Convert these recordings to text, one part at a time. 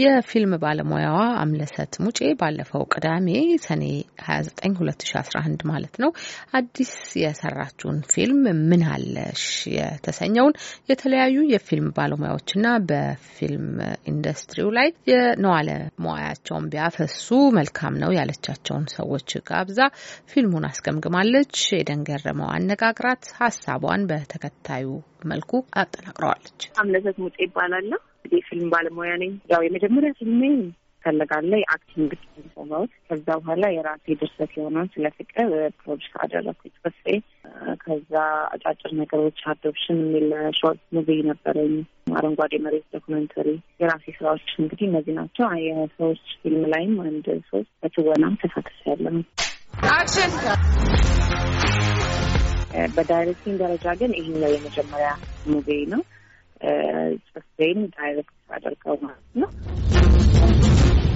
የፊልም ባለሙያዋ አምለሰት ሙጬ ባለፈው ቅዳሜ ሰኔ 29 2011 ማለት ነው አዲስ የሰራችውን ፊልም ምን አለሽ የተሰኘውን የተለያዩ የፊልም ባለሙያዎችና በፊልም ኢንዱስትሪው ላይ የነዋለ መዋያቸውን ቢያፈሱ መልካም ነው ያለቻቸውን ሰዎች ጋብዛ ፊልሙን አስገምግማለች። ኤደን ገረመው አነጋግራት ሀሳቧን በተከታዩ መልኩ አጠናቅረዋለች። አምለሰት ሙጬ ይባላለሁ። የፊልም ባለሙያ ነኝ። ያው የመጀመሪያ ፊልሜ ፈለጋለ የአክቲንግ ሰማት ከዛ በኋላ የራሴ ድርሰት የሆነውን ስለ ፍቅር ፕሮዲስ አደረኩት ጽፌ። ከዛ አጫጭር ነገሮች አዶፕሽን የሚል ሾርት ሙቪ ነበረኝ፣ አረንጓዴ መሬት ዶኩመንተሪ የራሴ ስራዎች እንግዲህ እነዚህ ናቸው። የሰዎች ፊልም ላይም አንድ ሶስት በትወናም ተሳትፌያለሁ። በዳይሬክቲንግ ደረጃ ግን ይህ የመጀመሪያ ሙቪ ነው። ጽፌም ዳይሬክት አደርገው ማለት ነው።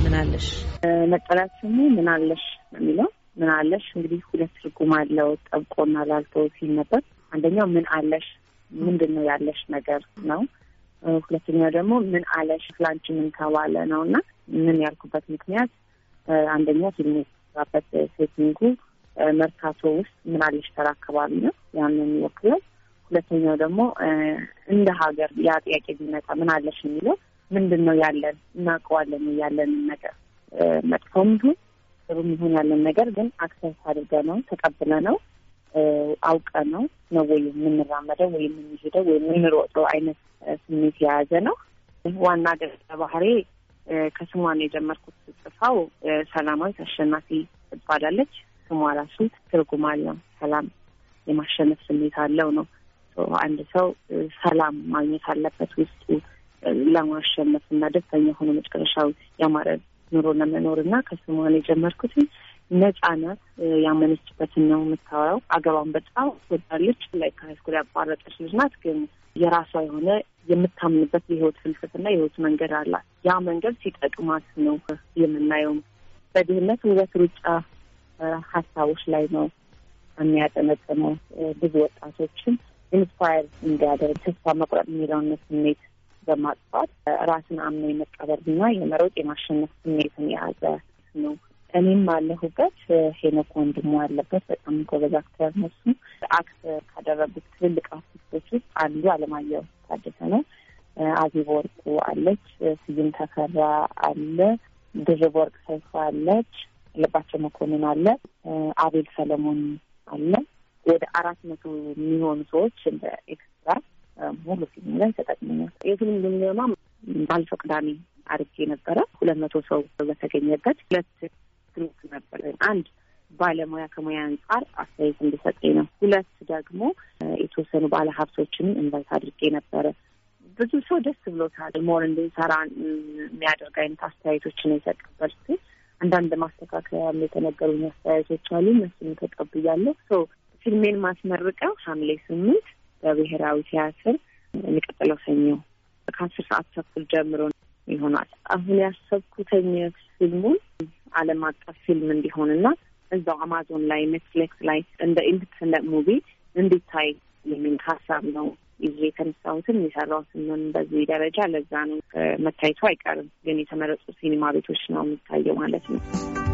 ምናለሽ መጠሪያ ስሙ ምናለሽ የሚለው ምናለሽ እንግዲህ ሁለት ትርጉም አለው። ጠብቆና ላልቶ ሲል ነበር። አንደኛው ምን አለሽ ምንድን ነው ያለሽ ነገር ነው። ሁለተኛው ደግሞ ምን አለሽ ላንቺ ምን ተባለ ነው እና ምን ያልኩበት ምክንያት አንደኛ ፊልም የተሰራበት ሴቲንጉ መርካቶ ውስጥ ምናለሽ ተራ አካባቢ ነው። ያንን ይወክላል። ሁለተኛው ደግሞ እንደ ሀገር ያ ጥያቄ ቢመጣ ምን አለሽ የሚለው ምንድን ነው ያለን እናውቀዋለን ያለንን ነገር መጥፎም ይሁን ጥሩ ይሁን ያለን ነገር ግን አክሰስ አድርገ ነው ተቀብለ ነው አውቀ ነው ነው ወይ የምንራመደው ወይ የምንሄደው ወይ የምንሮጠው አይነት ስሜት የያዘ ነው። ዋና ገጸ ባህሪ ከስሟ ነው የጀመርኩት። ጽፋው ሰላማዊት አሸናፊ ትባላለች። ስሟ ራሱ ትርጉም አለው። ሰላም የማሸነፍ ስሜት አለው ነው አንድ ሰው ሰላም ማግኘት አለበት ውስጡ ለማሸነፍ እና ደስተኛ ሆኖ መጨረሻው ያማረ ኑሮ ለመኖር እና ከስሟን የጀመርኩት ነጻነት ያመነችበትን ነው የምታወራው። አገባን በጣም ወዳለች ላይ ከሃይስኩል ያቋረጠች ልጅ ናት፣ ግን የራሷ የሆነ የምታምንበት የህይወት ፍልስፍና የህይወት መንገድ አላት። ያ መንገድ ሲጠቅማት ነው የምናየው። በድህነት ውበት ሩጫ ሀሳቦች ላይ ነው የሚያጠነጥነው ብዙ ወጣቶችን ኢንስፓየር እንዲያደርግ ተስፋ መቁረጥ የሚለውን ስሜት በማጥፋት ራስን አምኖ የመቀበልና የመሮጥ የማሸነፍ ስሜትን የያዘ ነው። እኔም አለሁበት። ሄኖክ ወንድሞ ያለበት በጣም ጎበዝ አክተር ነው። እሱ አክት ካደረጉት ትልልቅ አርቲስቶች ውስጥ አንዱ አለማየሁ ታደሰ ነው። አዜብ ወርቁ አለች፣ ስዩም ተፈራ አለ፣ ድርብ ወርቅ ሰይፉ አለች፣ ልባቸው መኮንን አለ፣ አቤል ሰለሞን አለ። ወደ አራት መቶ የሚሆኑ ሰዎች እንደ ኤክስትራ ሙሉ ፊልም ላይ ተጠቅመኛል። የፊልም ግምገማ ባለፈው ቅዳሜ አድርጌ ነበረ። ሁለት መቶ ሰው በተገኘበት ሁለት ግሩፕ ነበረ። አንድ ባለሙያ ከሙያ አንጻር አስተያየት እንዲሰጠኝ ነው። ሁለት ደግሞ የተወሰኑ ባለ ሀብቶችን ኢንቫይት አድርጌ ነበረ። ብዙ ሰው ደስ ብሎታል። ሞር እንድንሰራ የሚያደርግ አይነት አስተያየቶችን የተቀበልኩት አንዳንድ ማስተካከያም የተነገሩኝ አስተያየቶች አሉ። መስም ተቀብያለሁ። ሰው ፊልሜን ማስመርቀው ሐምሌ ስምንት በብሔራዊ ቲያትር የሚቀጥለው ሰኞ ከአስር ሰዓት ተኩል ጀምሮ ይሆናል። አሁን ያሰብኩተኝ ፊልሙን ዓለም አቀፍ ፊልም እንዲሆንና እዛው አማዞን ላይ ኔትፍሊክስ ላይ እንደ ኢንዲፐንደንት ሙቪ እንዲታይ የሚል ሀሳብ ነው ይዤ የተነሳሁትን የሰራሁትን በዚህ ደረጃ ለዛ ነው መታየቱ አይቀርም፣ ግን የተመረጡ ሲኒማ ቤቶች ነው የሚታየው ማለት ነው።